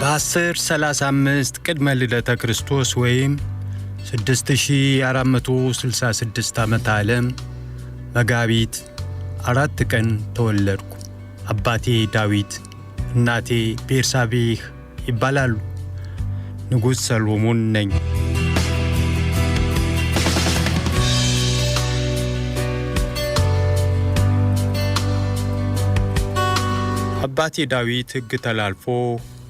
በ1035 ቅድመ ልደተ ክርስቶስ ወይም 6466 ዓመተ ዓለም መጋቢት አራት ቀን ተወለድኩ። አባቴ ዳዊት እናቴ ቤርሳቤህ ይባላሉ። ንጉሥ ሰሎሞን ነኝ። አባቴ ዳዊት ሕግ ተላልፎ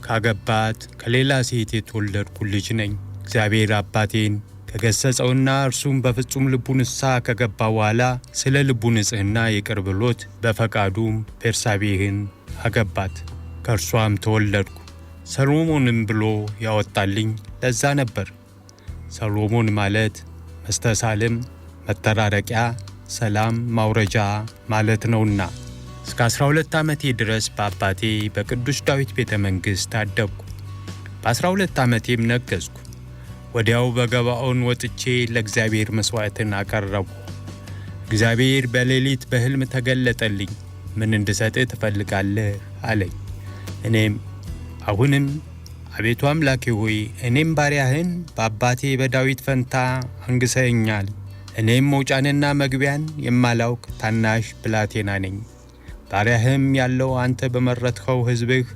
ካገባት ከሌላ ሴት የተወለድኩ ልጅ ነኝ። እግዚአብሔር አባቴን ከገሰጸውና እርሱም በፍጹም ልቡ ንስሐ ከገባ በኋላ ስለ ልቡ ንጽሕና ይቅር ብሎት በፈቃዱም ቤርሳቤህን አገባት፣ ከእርሷም ተወለድኩ። ሰሎሞንም ብሎ ያወጣልኝ ለዛ ነበር። ሰሎሞን ማለት መስተሳልም፣ መተራረቂያ፣ ሰላም ማውረጃ ማለት ነውና እስከ 12 ዓመቴ ድረስ በአባቴ በቅዱስ ዳዊት ቤተ መንግሥት አደግኩ። በ12 ዓመቴም ነገዝኩ። ወዲያው በገባኦን ወጥቼ ለእግዚአብሔር መሥዋዕትን አቀረቡ። እግዚአብሔር በሌሊት በሕልም ተገለጠልኝ። ምን እንድሰጥህ ትፈልጋለህ አለኝ። እኔም አሁንም አቤቱ አምላኬ ሆይ እኔም ባሪያህን በአባቴ በዳዊት ፈንታ አንግሰኛል እኔም መውጫንና መግቢያን የማላውቅ ታናሽ ብላቴና ነኝ ባሪያህም ያለው አንተ በመረጥኸው ሕዝብህ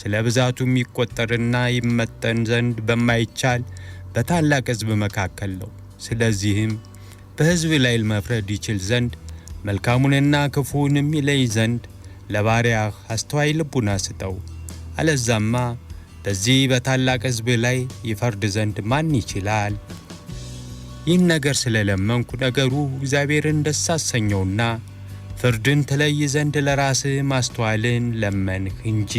ስለ ብዛቱም ይቆጠርና ይመጠን ዘንድ በማይቻል በታላቅ ሕዝብ መካከል ነው። ስለዚህም በሕዝብ ላይ መፍረድ ይችል ዘንድ መልካሙንና ክፉውንም ይለይ ዘንድ ለባሪያህ አስተዋይ ልቡና ስጠው። አለዛማ በዚህ በታላቅ ሕዝብ ላይ ይፈርድ ዘንድ ማን ይችላል? ይህን ነገር ስለለመንኩ ነገሩ እግዚአብሔርን ደስ አሰኘውና ፍርድን ትለይ ዘንድ ለራስህ ማስተዋልን ለመንህ እንጂ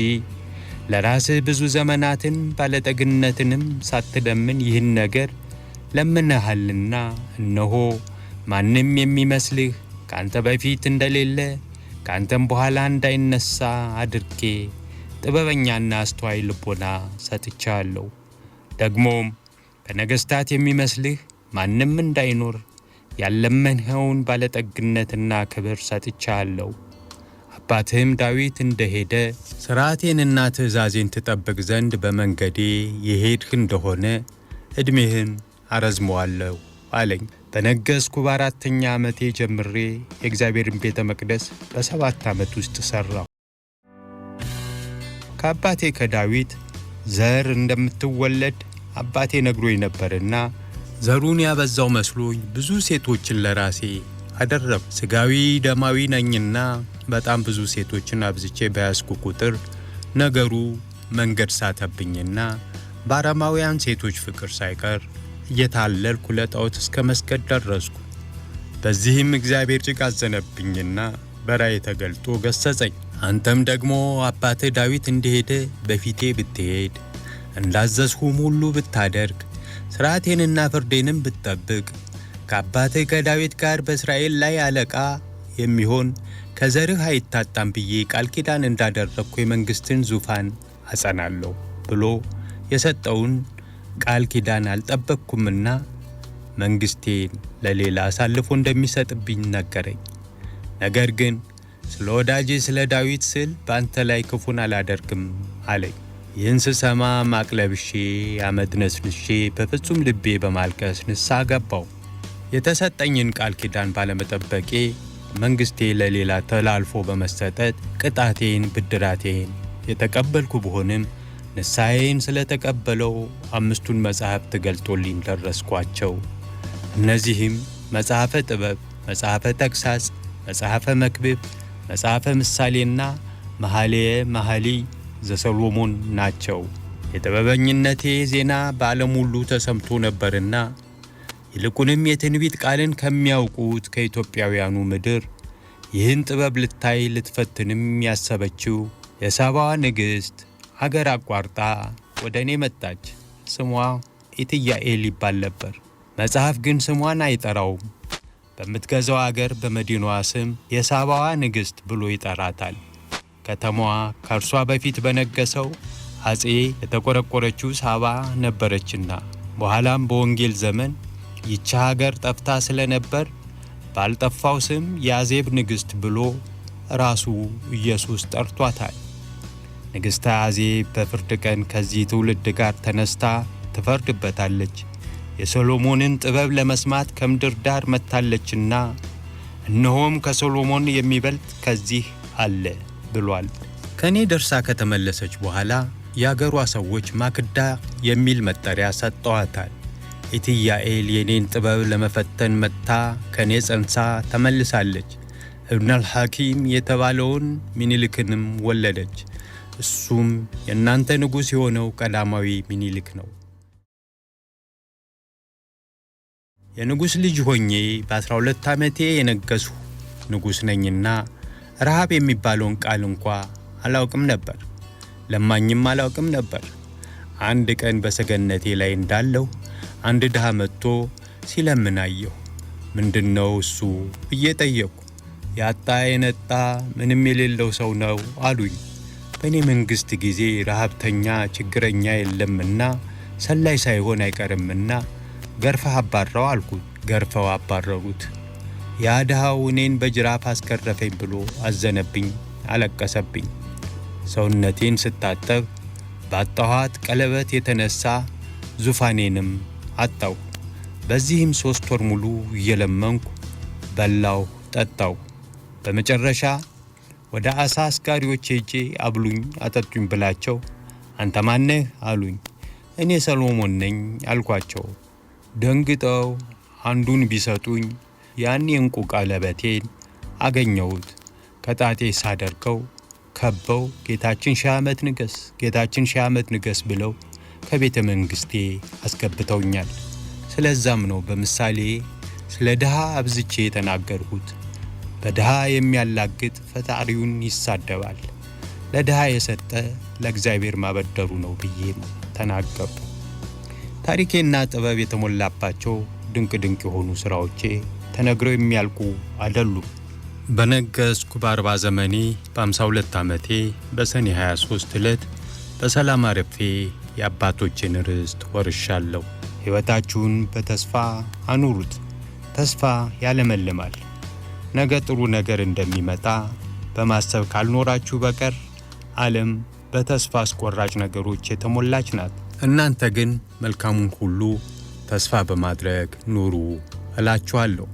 ለራስህ ብዙ ዘመናትን ባለጠግነትንም ሳትለምን ይህን ነገር ለምነሃልና፣ እነሆ ማንም የሚመስልህ ካንተ በፊት እንደሌለ ካንተም በኋላ እንዳይነሳ አድርጌ ጥበበኛና አስተዋይ ልቦና ሰጥቻለሁ። ደግሞም ከነገሥታት የሚመስልህ ማንም እንዳይኖር ያለመንኸውን ባለጠግነትና ክብር ሰጥቻለሁ። አባትህም ዳዊት እንደሄደ ሥርዓቴንና ትእዛዜን ትጠብቅ ዘንድ በመንገዴ የሄድህ እንደሆነ ዕድሜህን አረዝመዋለሁ አለኝ። በነገሥኩ በአራተኛ ዓመቴ ጀምሬ የእግዚአብሔርን ቤተ መቅደስ በሰባት ዓመት ውስጥ ሠራሁ። ከአባቴ ከዳዊት ዘር እንደምትወለድ አባቴ ነግሮኝ ነበርና ዘሩን ያበዛው መስሎኝ ብዙ ሴቶችን ለራሴ አደረብ ስጋዊ ደማዊ ነኝና በጣም ብዙ ሴቶችን አብዝቼ በያዝኩ ቁጥር ነገሩ መንገድ ሳተብኝና በአረማውያን ሴቶች ፍቅር ሳይቀር እየታለልኩ ለጣዖት እስከ መስገድ ደረስኩ። በዚህም እግዚአብሔር ጭቃ አዘነብኝና በራእይ ተገልጦ ገሰጸኝ። አንተም ደግሞ አባትህ ዳዊት እንደሄደ በፊቴ ብትሄድ እንዳዘዝሁም ሁሉ ብታደርግ ሥርዓቴንና ፍርዴንም ብትጠብቅ ከአባትህ ከዳዊት ጋር በእስራኤል ላይ አለቃ የሚሆን ከዘርህ አይታጣም ብዬ ቃል ኪዳን እንዳደረግኩ የመንግሥትን ዙፋን አጸናለሁ ብሎ የሰጠውን ቃል ኪዳን አልጠበቅኩምና መንግሥቴን ለሌላ አሳልፎ እንደሚሰጥብኝ ነገረኝ። ነገር ግን ስለ ወዳጄ ስለ ዳዊት ስል በአንተ ላይ ክፉን አላደርግም አለኝ። ይህን ስሰማ ማቅለብሼ አመድ በፍጹም ልቤ በማልቀስ ንሳ ገባው። የተሰጠኝን ቃል ኪዳን ባለመጠበቄ መንግሥቴ ለሌላ ተላልፎ በመሰጠት ቅጣቴን፣ ብድራቴን የተቀበልኩ ብሆንም ስለ ስለተቀበለው አምስቱን መጻሕፍት ገልጦልኝ ደረስኳቸው። እነዚህም መጽሐፈ ጥበብ፣ መጽሐፈ ተግሣጽ፣ መጽሐፈ መክብብ፣ መጽሐፈ ምሳሌና መኃልየ መኃልይ ዘሰሎሞን ናቸው። የጥበበኝነቴ ዜና በዓለም ሁሉ ተሰምቶ ነበርና ይልቁንም የትንቢት ቃልን ከሚያውቁት ከኢትዮጵያውያኑ ምድር ይህን ጥበብ ልታይ ልትፈትንም ያሰበችው የሳባ ንግሥት አገር አቋርጣ ወደ እኔ መጣች። ስሟ ኢትያኤል ይባል ነበር። መጽሐፍ ግን ስሟን አይጠራውም። በምትገዛው አገር በመዲኗ ስም የሳባዋ ንግሥት ብሎ ይጠራታል። ከተማዋ ከእርሷ በፊት በነገሰው አጼ የተቆረቆረችው ሳባ ነበረችና በኋላም በወንጌል ዘመን ይቺ ሀገር ጠፍታ ስለነበር ባልጠፋው ስም የአዜብ ንግሥት ብሎ ራሱ ኢየሱስ ጠርቷታል። ንግሥተ አዜብ በፍርድ ቀን ከዚህ ትውልድ ጋር ተነስታ ትፈርድበታለች። የሰሎሞንን ጥበብ ለመስማት ከምድር ዳር መጥታለችና እነሆም ከሰሎሞን የሚበልጥ ከዚህ አለ ብሏል። ከኔ ደርሳ ከተመለሰች በኋላ የአገሯ ሰዎች ማክዳ የሚል መጠሪያ ሰጠዋታል። ኢትያኤል የኔን ጥበብ ለመፈተን መጥታ ከእኔ ጸንሳ ተመልሳለች። እብነል ሐኪም የተባለውን ሚኒልክንም ወለደች። እሱም የእናንተ ንጉሥ የሆነው ቀዳማዊ ሚኒልክ ነው። የንጉሥ ልጅ ሆኜ በ12 ዓመቴ የነገሥሁ ንጉሥ ነኝና ረሃብ የሚባለውን ቃል እንኳ አላውቅም ነበር። ለማኝም አላውቅም ነበር። አንድ ቀን በሰገነቴ ላይ እንዳለው አንድ ድሃ መጥቶ ሲለምን አየሁ። ምንድን ነው እሱ ብዬ ጠየቅኩ። ያጣ የነጣ ምንም የሌለው ሰው ነው አሉኝ። በእኔ መንግሥት ጊዜ ረሃብተኛ ችግረኛ የለምና ሰላይ ሳይሆን አይቀርምና ገርፈህ አባረው አልኩት። ገርፈው አባረሩት። ያ ድሃው እኔን በጅራፍ አስገረፈኝ ብሎ አዘነብኝ፣ አለቀሰብኝ። ሰውነቴን ስታጠብ ባጣኋት ቀለበት የተነሳ ዙፋኔንም አጣው። በዚህም ሦስት ወር ሙሉ እየለመንኩ በላው፣ ጠጣው። በመጨረሻ ወደ አሳ አስጋሪዎች ሄጄ አብሉኝ፣ አጠጡኝ ብላቸው አንተ ማነህ አሉኝ። እኔ ሰሎሞን ነኝ አልኳቸው። ደንግጠው አንዱን ቢሰጡኝ ያን የእንቁ ቀለበቴን አገኘሁት። ከጣቴ ሳደርገው ከበው ጌታችን ሺህ ዓመት ንገስ፣ ጌታችን ሺህ ዓመት ንገስ ብለው ከቤተ መንግሥቴ አስገብተውኛል። ስለዛም ነው በምሳሌ ስለ ድሃ አብዝቼ የተናገርሁት። በድሃ የሚያላግጥ ፈጣሪውን ይሳደባል፣ ለድሃ የሰጠ ለእግዚአብሔር ማበደሩ ነው ብዬ ተናገሩ ታሪኬና ጥበብ የተሞላባቸው ድንቅ ድንቅ የሆኑ ሥራዎቼ ተነግረው የሚያልቁ አይደሉም። በነገሥኩ በአርባ ዘመኔ በ52 ዓመቴ በሰኔ 23 ዕለት በሰላም አረፌ የአባቶችን ርስት ወርሻለሁ። ሕይወታችሁን በተስፋ አኑሩት። ተስፋ ያለመልማል። ነገ ጥሩ ነገር እንደሚመጣ በማሰብ ካልኖራችሁ በቀር ዓለም በተስፋ አስቆራጭ ነገሮች የተሞላች ናት። እናንተ ግን መልካሙን ሁሉ ተስፋ በማድረግ ኑሩ እላችኋለሁ።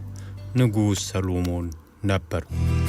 ንጉሥ ሰሎሞን ነበሩ።